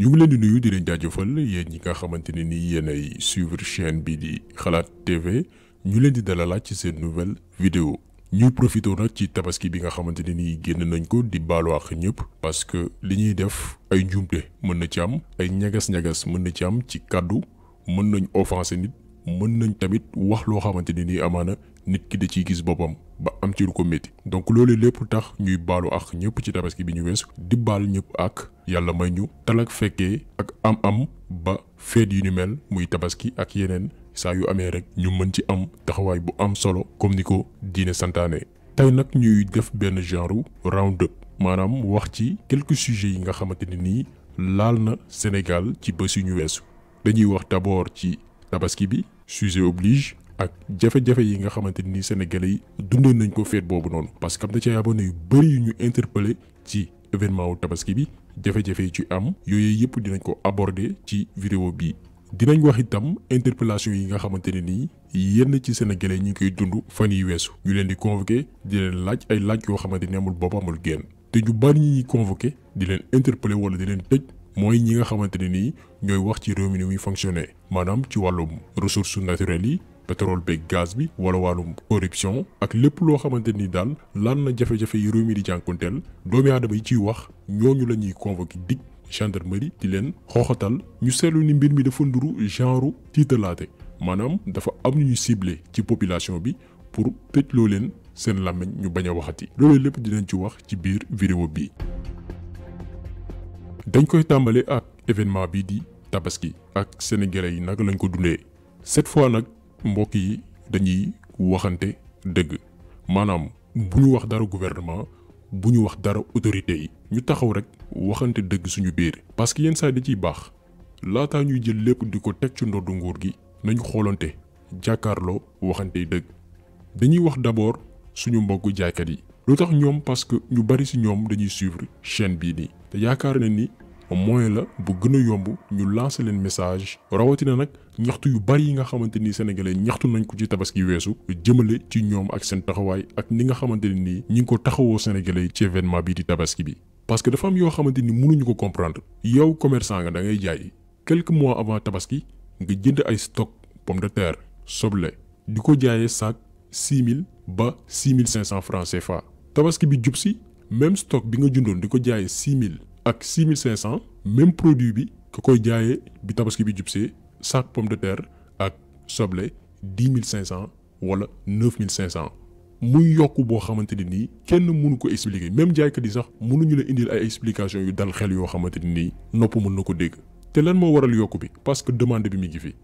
ñu ngi leen di nuyu di leen jaajëfal yéen ñi nga xamante ne ni yéen ay suivre chaîne bi di xalaat TV ñu leen di dalalaat ci seen nouvelle vidéo ñuy profité nag ci tabaski bi nga xamante ne ni génn nañ ko di baalu àq ñëpp parce que li ñuy def ay njuumte mën na ci am ay ñagas-ñagas mën na ci am ci kàddu mën nañ offensé nit mën nañ tamit wax loo xamante ni nii amaana nit ki da ciy gis boppam ba am ci lu ko métti donc loolu lépp tax ñuy baalu ak ñëpp ci tabaski bi ñu weesu di baal ñëpp ak yàlla may ñu talak fekkee ak am-am ba feet yi ñu mel muy tabaski ak yeneen saa yu amee rek ñu mën ci am taxawaay bu am solo comme ni ko diine santaane. tey nag ñuy def benn genre round up maanaam wax ci quelques sujets yi nga xamante ne nii laal na Sénégal ci bés yu ñu weesu dañuy wax d'abord ci tabaski bi. sujet oblige ak jafe-jafe yi nga xamante ni sénégalais yi dundee nañ ko feet boobu noonu parce que am na ci abonné yu bëri yu ñu interpellé ci événement wu tabaski bi jafe-jafe yi ci am yooyu yëpp dinañ ko aborder ci vidéo bii dinañ wax itam interpellation yi nga xamante ne nii yenn ci sénégalais ñu ngi koy dund fan yi weesu ñu leen di convoqué di leen laaj ay laaj yoo xamante ni amul bopp amul génn te ñu bari ñi ñuy convoqué di leen interpellé wala di leen tëj mooy ñi nga xamante ne nii ñooy wax ci réew mi ni muy fonctionné maanaam ci wàllum ressources naturelles yi pétrole beeg gaz bi wala wàllum corruption ak lépp loo xamante ni daal lan na jafe-jafe yi réew mi di jànkonteel doomi aadama yi ciy wax ñooñu la ñuy convoqué dig gendarmerie di leen xooxatal ñu seetlu ni mbir mi dafa nduru genre tiitalaate maanaam dafa am ñu ciblé ci population bi pour tëj loo leen seen làmmiñ ñu bañ a waxati loolu lépp dinañ ci wax ci biir vidéo bi dañ koy tàmbali ak événement bii di tabaski ak sénégalais yi naka lañ ko dundee cette fois nag mbokk yi dañuy waxante dëgg maanaam bu ñu wax dara gouvernement bu ñu wax dara autorité yi ñu taxaw rek waxante dëgg suñu biir. parce que yenn saa da ciy baax laataa ñuy jël lépp di ko teg ci ndoddu nguur gi nañu xoolante jàkkaarloo waxante dëgg dañuy wax d'abord suñu mbokku jaaykat yi. lu tax ñoom parce que ñu bari ci ñoom dañuy suivre chaine bii nii te yaakaar na ni moyen la bu gën yomb ñu lancer leen message rawatina nag ñaxtu yu bari yi nga xamante ni sénégalais ñaxtu nañ ko ci tabaski weesu jëmale ci ñoom ak seen taxawaay ak ni nga xamante ne nii ñi ngi ko taxawoo sénégalais ci événement bii di tabaski bi. parce que dafa am yoo xamante ni mënuñu ko comprendre yow commerçant nga da ngay jaay quelques mois avant tabaski nga jënd ay stock pomme de terre soble di ko jaayee sac 6000 ba 6500 francs CFA tabaski bi jub si même stock bi nga jundoon di ko jaayee 6000. ak 6500 même produit bi ka koy jaayee bi tabaski bi jubsee sac pomme de terre ak soble 10500 wala 9500 muy yokk boo xamante ni nii kenn mënu ko expliquer même jaaykat yi sax mënuñu la indil ay explication yu dal xel yoo xamante ni nii nopp mën na ko dégg te lan moo waral yokk bi parce que demande bi mu ngi fi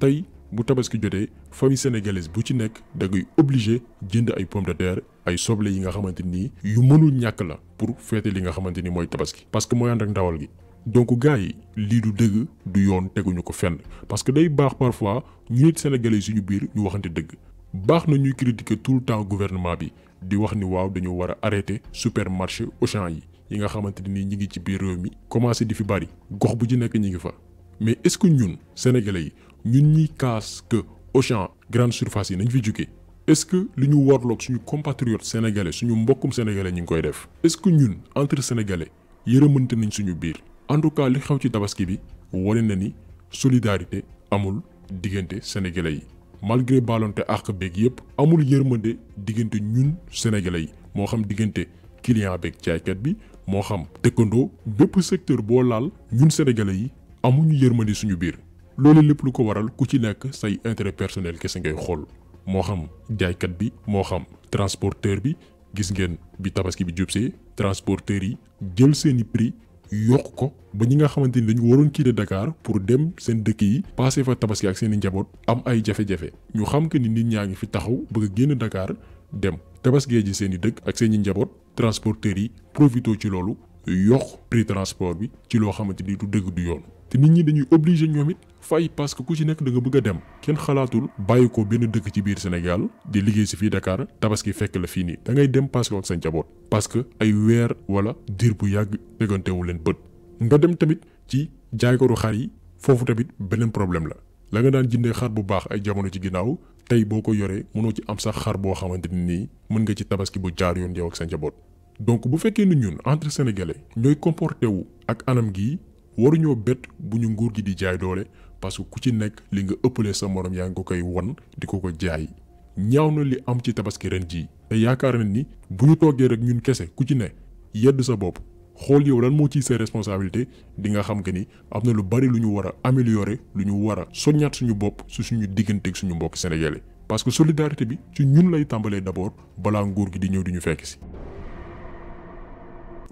tey bu tabaski jotee famille sénégalaise bu ci nekk da ngay obligé jënd ay pomme de terre ay soble yi nga xamante nii yu mënul ñàkk la pour feete li nga xamante ni mooy tabaski parce que mooy ànd ak ndawal gi donc gars yi lii du dëgg du yoon teguñu ko fenn parce que day baax parfois ñu nit sénégalais suñu biir ñu waxante dëgg baax na ñuy critiquer tout le temps gouvernement bi di wax ni waaw dañu war a arrêter supermarché Auchan yi yi nga xamante ni ñi ngi ci biir réew mi commencé di fi bari gox bu ci nekk ñi ngi fa mais est-ce que ñun sénégalais yi ñun ñi kaas que Auchan grande surface yi nañu fi jugee est-ce que li ñu warloog suñu compatriote sénégalais suñu mbokkum sénégalais ñu ngi koy def est-ce que ñun entre sénégalais yërëmante nañ suñu biir en tout cas li xew ci tabaski bi wane na ni solidarité amul diggante sénégalais yi malgré baalonte àq beeg yëpp amul yërmande diggante ñun sénégalais yi moo xam diggante client beeg jaaykat bi moo xam dëkkandoo bépp secteur boo laal ñun sénégalais yi amuñu yërmande suñu biir loolu lépp lu ko waral ku ci nekk say intérêt personnel kese ngay xool moo xam jaaykat bi moo xam transporteur bi gis ngeen bi tabaski bi jubsee transporteur yi jël seeni prix yokk ko ba ñi nga xamante ni dañu waroon quitter Dakar pour dem seen dëkk yi passé fa tabaski ak seeni njaboot am ay jafe-jafe ñu xam que ni nit ñaa ngi fi taxaw bëgg a génn Dakar dem tabaskee ji seeni dëkk ak seeni njaboot transporteurs yi profité ci loolu yokk prix transport bi ci loo xamante ni du dëgg du yoon te nit ñi dañuy obligé ñoom it fay parce que ku ci nekk da nga bëgg dem kenn xalaatul bàyyi ko benn dëkk ci biir Sénégal di liggéey si fii Dakar tabaski fekk la fii nii da ngay dem parce que ak sa njaboot parce que ay weer wala diir bu yàgg tegantewu leen bët nga dem tamit ci jaaykoru xar yi foofu tamit beneen problème la la nga daan jëndee xar bu baax ay jamono ci ginnaaw tey boo ko yoree mënoo ci am sax xar boo xamante ni nii mën nga ci tabaski bu jaar yoon yow ak sa njaboot donc bu fekkee ni ñun entre sénégalais ñooy comporté wu ak anam gii waruñoo bett bu ñu nguur gi di jaay doole parce que ku ci nekk li nga ëppalee sa morom yaa ngi ko koy won di ko ko jaay ñaaw na li am ci tabaski ren jii te yaakaar na ni bu ñu toogee rek ñun kese ku ci ne yedd sa bopp xool yow lan moo ciy sa responsabilité di nga xam que ni am na lu bari lu ñu war a améliorer lu ñu war a soññaat suñu bopp su suñu digganteeg suñu mbokk sénégalais parce que solidarité bi ci ñun lay tàmbalee d'abord balaa nguur gi di ñëw di ñu fekk si.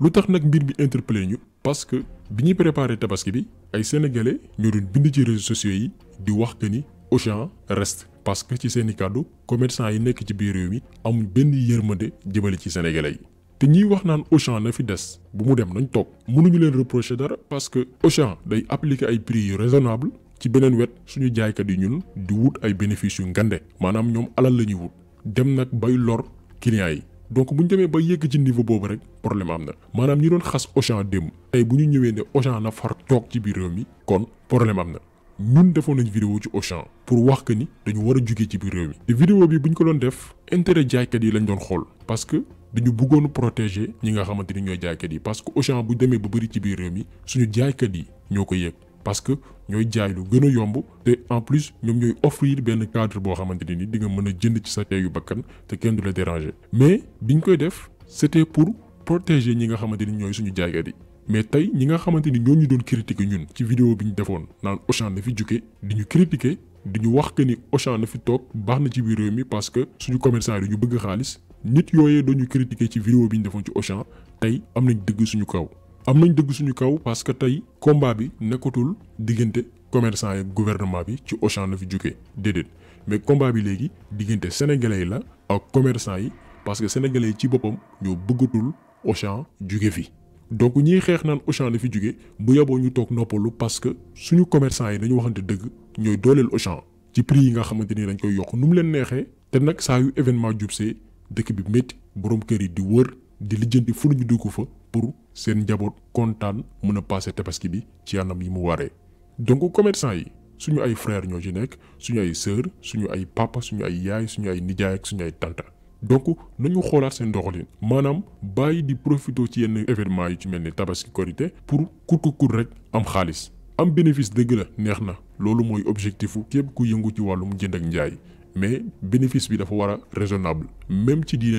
lu tax nag mbir bi interpellé ñu parce que bi ñuy préparé tabaski bi ay sénégalais ñoo doon bind ci réseaux sociaux yi di wax que ni Auchan reste parce que ci seen i kàddu commerçant yi nekk ci biir réew mi amul benn yërmande jëmale ci sénégalais yi. te ñuy wax naan Auchan na fi des bu mu dem nañ toog mënuñu leen reprocher dara parce que Auchan day appliquer ay prix yu raisonnable ci beneen wet suñu jaaykat yi ñun di wut ay bénéfices yu ngande maanaam ñoom alal la ñuy wut dem nag bay lor clients yi. donc bu ñu demee ba yegg ci niveau boobu rek problème am na maanaam ñi doon xas Auchan démb tey bu ñu ñëwee ne Auchan na far toog ci biir réew mi kon problème am na ñun defoon nañ vidéo ci Auchan pour wax que ni dañu war a jugee ci biir réew mi te vidéo bi bu ñu ko doon def intérêt jaaykat yi lañ doon xool parce que dañu bëggoon protéger ñi nga xamante ni ñooy jaaykat yi parce que Auchan bu demee ba bëri ci biir réew mi suñu jaaykat yi ñoo ko yëg parce que ñooy jaay lu gën yomb te en plus ñoom ñooy offrir benn cadre boo xamante ne ni di nga mën a jënd ci sa yu bakkan te kenn du la déranger mais bi biñ koy def c'était pour protéger ñi nga xamante ni ñooy suñu jaaykat yi mais tey ñi nga xamante ni ñoo ñu doon critiquer ñun ci vidéo bi ñu defoon naan Auchan na fi jukkee di ñu critiquer di ñu wax que ni Auchan na fi toog baax na ci biir réew mi parce que suñu commerçant yi ñu bëgg xaalis nit yooyee doon ñu critiquer ci vidéo bi ñu defoon ci Auchan tey am nañ dëgg suñu kaw. am nañ dëgg suñu kaw parce que tey combat bi nekkatul diggante commerçant yi gouvernement bi ci Auchan la fi jógee déedéet mais combat bi léegi diggante sénégalais yi la ak commerçant yi parce que sénégalais yi ci boppam ñoo bëggatul Auchan jóge fi. donc ñiy xeex naan Auchan la fi jóge bu yaboo ñu toog noppalu parce que suñu commerçant yi dañu waxante dëgg ñooy dooleel Auchan ci prix yi nga xamante ni dañ koy yokk nu mu leen neexee te nag saa yu événement jubsee dëkk bi métti borom kër yi di wër di lijjanti fu ñu dugg fa pour. seen njaboot kontaan mën a passé tabaski bi ci anam yi mu waree. donc commerçant yi suñu ay frère ñoo ci nekk suñu ay sœur suñu ay papa suñu ay yaay suñu ay nijaay ak suñu ay tanta donc nañu xoolaat seen doxalin maanaam bàyyi di profité ci yenn événement yu ci mel ni tabaski korité pour kurkukur rek am xaalis am bénéfice dëgg la neex na loolu mooy objectifu képp ku yëngu ci wàllum jënd ak njaay mais bénéfice bi dafa war a raisonnable même ci diine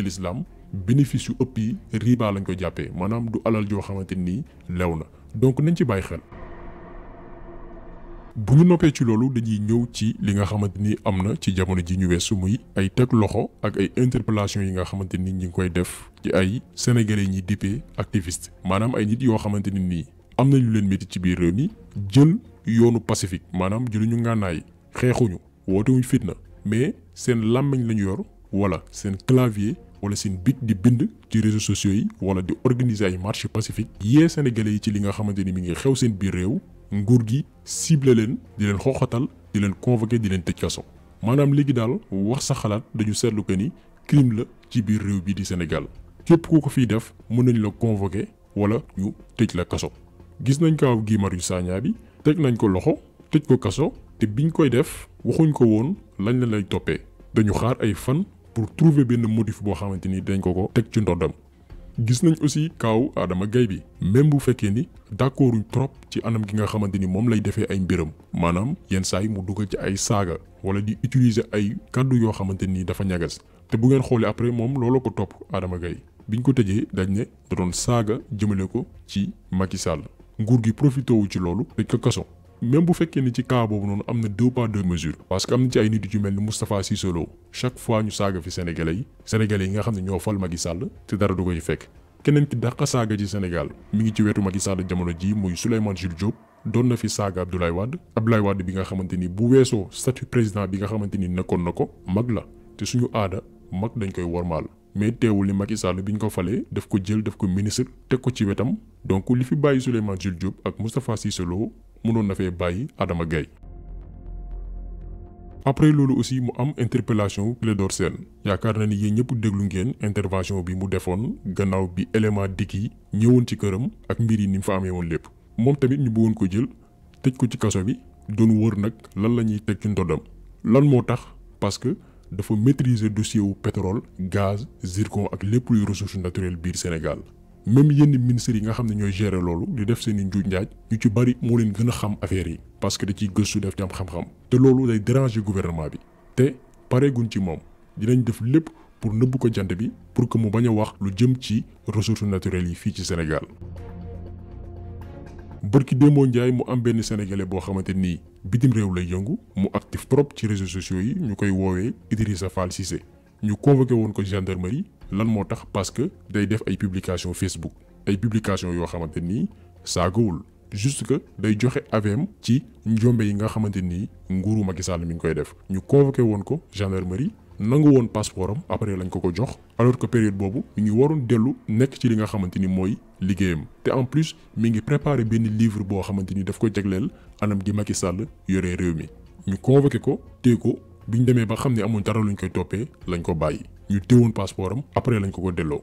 bénéfice yu ëpp yi riba lañ ko jàppee maanaam du alal yoo xamante nii lew na donc nañ ci bàyyi xel bu ñu nokkee ci loolu dañuy ñëw ci li nga xamante ni am na ci jamono ji ñu su muy ay teg loxo ak ay interpellation yi nga xamante ni ñi ngi koy def ci ay sénégalais ñi dippee activiste maanaam ay nit yoo xamante ni nii am na ñu leen métti ci biir réew mi jël yoonu pacifique maanaam jëluñu ngànnaay xeexuñu wootewuñ fitna mais seen làmmiñ lañu yor wala seen clavier wala seen big di bind ci réseaux sociaux yi wala di organisé ay marche pacifique yee sénégalais yi ci li nga xamante ni mu ngi xew seen biir réew nguur gi cible leen di leen xooxatal di leen convoqué di leen tëj kaso maanaam léegi daal wax sa xalaat dañu seetlu que ni crime la ci biir réew bi di senegal képp ku ko fiy def mën nañ la convoqué wala ñu tëj la kaso gis nañ ko kaaw Guy Marius Sagna bi teg nañ ko loxo tëj ko kaso te biñ koy def waxuñ ko woon lañ la lay toppee dañu xaar ay fan pour trouver benn motif boo xamante ni dañ ko ko teg ci ndoddam gis nañ aussi kaw Adama Gaye bi même bu fekkee ni d'accorduñ trop ci anam gi nga xamante ni moom lay defee ay mbiram maanaam yenn saa yi mu duggal ci ay saaga wala di utiliser ay kàddu yoo xamante ni dafa ñagas te bu ngeen xoolee après moom looloo ko topp Adama Gaye biñ ko tëjee dañ ne da doon saaga jëmale ko ci Macky nguur gi profité wu ci loolu dañ ko kaso même bu fekkee ni ci cas boobu noonu am na deux poids deux mesures parce que am na ci ay nit yu mel ni Moustapha Cissé chaque fois ñu saaga fi sénégalais yi nga xam ne ñoo fal i sàll te dara du ko fekk keneen ki dàq saaga ci Sénégal mu ngi ci wetu Macky Sall jamono ji muy Souleymane Jules Diop doon na fi saaga Abdoulaye Wade Abdoulaye Wade bi nga xamante ni bu weesoo statut président bi nga xamante ni nekkoon na ko mag la te suñu aada mag dañ koy wormaal mais teewul ni Macky Sall bi ñu ko falee daf ko jël daf ko ministre teg ko ci wetam donc li fi bàyyi Souleymane Jules Diop ak Moustapha Cissé Lo mënoon na fee bàyyi Adama gay après loolu aussi mu am interpellation Clédor Sène yaakaar na ni yéen ñëpp déglu ngeen intervention bi mu defoon gannaaw bi élément dikk yi ñëwoon ci këram ak mbir yi ni mu fa amee lépp moom tamit ñu bëggoon ko jël tëj ko ci kaso bi doon wër nag lan la ñuy teg ci ndoddam lan moo tax parce que dafa maîtriser dossier wu pétrole gaz zircon ak lépp luy ressource naturelle biir Sénégal même yenn ministères yi nga xam ne ñooy gérer loolu di def seeni i njuuj njaaj ñu ci bari moo leen gën a xam affaire yi parce que da ciy gëstu def ci am xam-xam te loolu day déranger gouvernement bi te pareeguñ ci moom dinañ def lépp pour nëbb ko jant bi pour que mu bañ a wax lu jëm ci ressources naturelles yi fii ci Sénégal. bërki démboo njaay mu am benn sénégalais boo xamante ni bitim réew lay yëngu mu actif trop ci réseaux sociaux yi ñu koy woowee Idrissa Fall Cissé ñu convoqué woon ko gendarmerie lan moo tax parce que day def ay publication Facebook ay publication yoo xamante nii saagawul juste que day joxe avem ci njombe yi nga xamante nii nguuru Macky Sall mi ngi koy def ñu convoqué woon ko gendarmerie nangu woon passeport am après lañ ko ko jox alors que période boobu mi ngi waroon dellu nekk ci li nga xamante ni mooy liggéeyam te en plus mi ngi préparé benn livre boo xamante ni daf ko jagleel anam gi Macky Sall yore réew mi ñu convoqué ko bi ñu demee ba xam ne amuñ dara luñ koy toppee lañ ko bàyyi ñu téewoon passeport am après lañ ko ko delloo.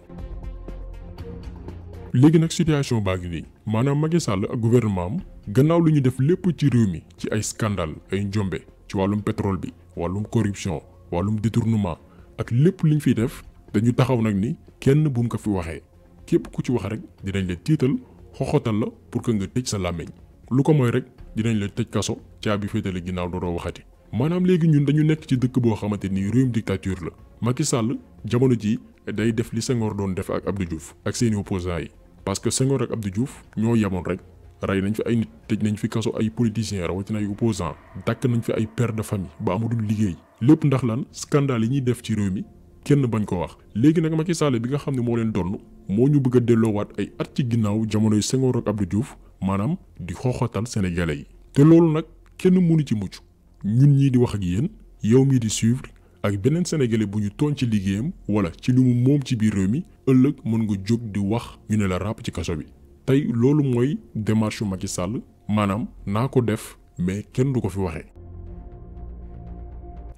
léegi nag situation baa ngi nii maanaam Macky Sall ak gouvernement am gannaaw lu ñu def lépp ci réew mi ci ay scandale ay njombe ci wàllum pétrole bi wàllum corruption wàllum détournement ak lépp liñ fiy def dañu taxaw nag ni kenn bum ko fi waxee képp ku ci wax rek dinañ la tiital xoxotal la pour que nga tëj sa làmmiñ lu ko mooy rek dinañ la tëj kaso caabi féetale ginnaaw dooroo waxati. maanaam léegi ñun dañu nekk ci dëkk boo xamante ni réewum dictature la Macky Sall jamono ji day def li Senghor doon def ak Abdou Diouf ak seeni opposants yi parce que Senghor ak Abdou Diouf ñoo yemoon rek rey nañ fi ay nit tëj nañ fi kaso ay politiciens na ay opposants dàkk nañ fi ay pères de famille ba amatul liggéey lépp ndax lan scandale yi ñuy def ci réew mi kenn bañ ko wax léegi nag Macky Sall bi nga xam ne moo leen donn moo ñu bëgg a delloowaat ay at ci ginnaaw jamonoy Senghor ak Abdou Diouf maanaam di xooxatal sénégalais yi te loolu nag kenn mënu ci mucc ñun ñii di wax ak yéen yow mii di suivre ak beneen sénégalais bu ñu tooñ ci liggéeyam wala ci lu moom ci biir réew mi ëllëg mën nga jóg di wax ñu ne la ràpp ci kaso bi. tey loolu mooy démarche yu Macky Sall maanaam naa ko def mais kenn du ko fi waxee.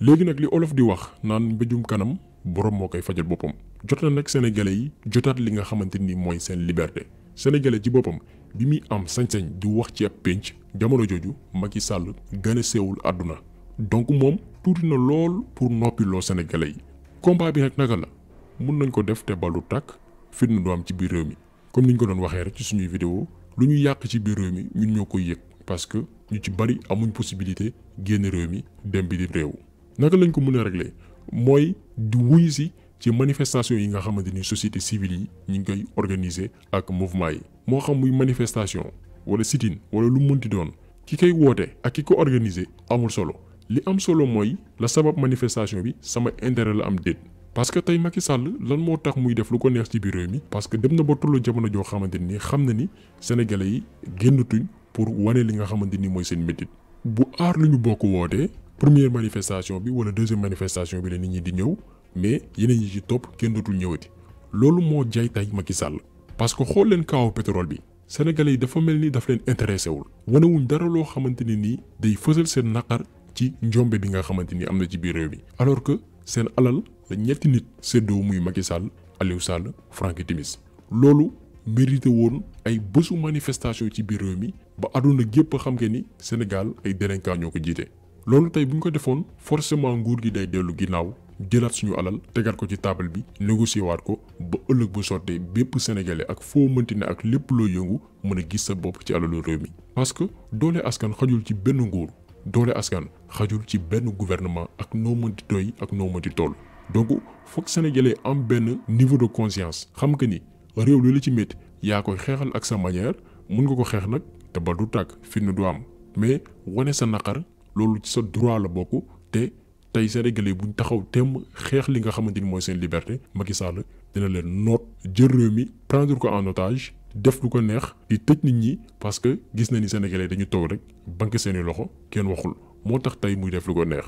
léegi nag li olof di wax naan mbéjum kanam borom moo koy fajal boppam jot na nag sénégalais yi jotaat li nga xamante ni mooy seen liberté sénégalais ci boppam. bi muy am sañ-sañ di wax ci ab pénc jamono jooju Macky Sall gën a seewul àdduna donc moom tuuti na lool pour loo Sénégalais yi combat bi nag naka la mën nañ ko def te balu tàkk fitna du am ci biir réew mi comme ni ñu ko doon waxee rek ci suñuy vidéo lu ñu yàq ci biir réew mi ñun ñoo ko yëg parce que ñu ci bari amuñ possibilité génn réew mi dem bi di réew naka lañ ko mën a régler mooy di wuy si ci manifestation yi nga xamante ni société civile yi ñu ngi koy organiser ak mouvement yi moo xam muy manifestation wala sit-in wala lu mënti doon ki koy woote ak ki ko organiser amul solo li am solo mooy la sabab manifestation bi sama intérêt la am déet parce que tey Macky Sall lan moo tax muy def lu ko neex ci biir réew mi parce que dem na ba tollu jamono joo xamante ni xam na ni sénégalais yi génnatuñ pour wane li nga xamante ni mooy seen métit bu aar lu ñu bokk wootee première manifestation bi wala deuxième manifestation bi la nit ñi di ñëw mais yeneen yi ci topp kenn dootul ñëwati loolu moo jaay tay Macky Sall parce que xool leen kaaw pétrole bi sénégalais yi dafa mel ni daf leen intéressé wul wanewuñ dara loo xamante ne nii day fësal seen naqar ci njombe bi nga xamante ni am na ci biir réew mi alors que seen alal la ñetti nit séddoo muy Macky Sall Aliou Sall Frank Timis loolu mérité woon ay bésu manifestation ci biir réew mi ba àdduna gépp xam nga ni Sénégal ay délinquants ñoo ko jiite. loolu tey bu ñu ko defoon forcément nguur gi day dellu ginnaaw jëlaat suñu alal tegal ko ci table bi négocier waat ko ba ëllëg bu sottee bépp sénégalais ak foo mënti ne ak lépp loo yëngu mën a gis sa bopp ci alalu réew mi. parce que doole askan xajul ci benn nguur doole askan xajul ci benn gouvernement ak noo mënti doy ak noo mënti toll donc foog sénégalais am benn niveau de conscience xam que ni réew li la ci métti yaa koy xeexal ak sa manière mun nga ko xeex nag te ba du tàkk fi nu du am mais wane sa naqar. loolu ci sa droit la bokk te tey sénégalais buñ taxaw temm xeex li nga xamante ni mooy seen liberté Macky Sall dina leen noot jël réew mi prendre ko en otage def lu ko neex di tëj nit ñi parce que gis na ni sénégalais dañu toog rek banque seeni loxo kenn waxul moo tax tey muy def lu ko neex.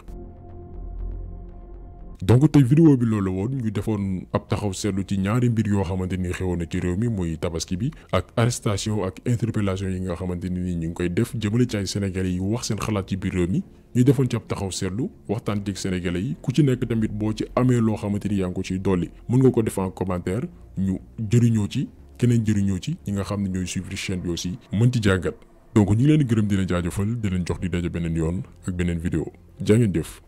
donc tey vidéo bi loolu woon ñu defoon ab taxaw seetlu ci ñaari mbir yoo xamante ni xewoon na ci réew mi muy tabaski bi ak arrestation ak interpellation yi nga xamante ni ñu ngi koy def jëmale ci ay sénégalais yi wax seen xalaat ci biir réew mi ñu defoon ci taxaw seetlu waxtaan ci sénégalais yi ku ci nekk tamit boo ci amee loo xamante ni yaa ngi ko ciy dolli mën nga ko def en commentaire ñu ci keneen jëriñoo ci ñi nga xam ne ñooy suivre chaîne bi aussi mën ci jàngat donc ñu ngi leen di gërëm di leen jaajëfal di jox di daje beneen yoon ak beneen vidéo jaa ngeen jëf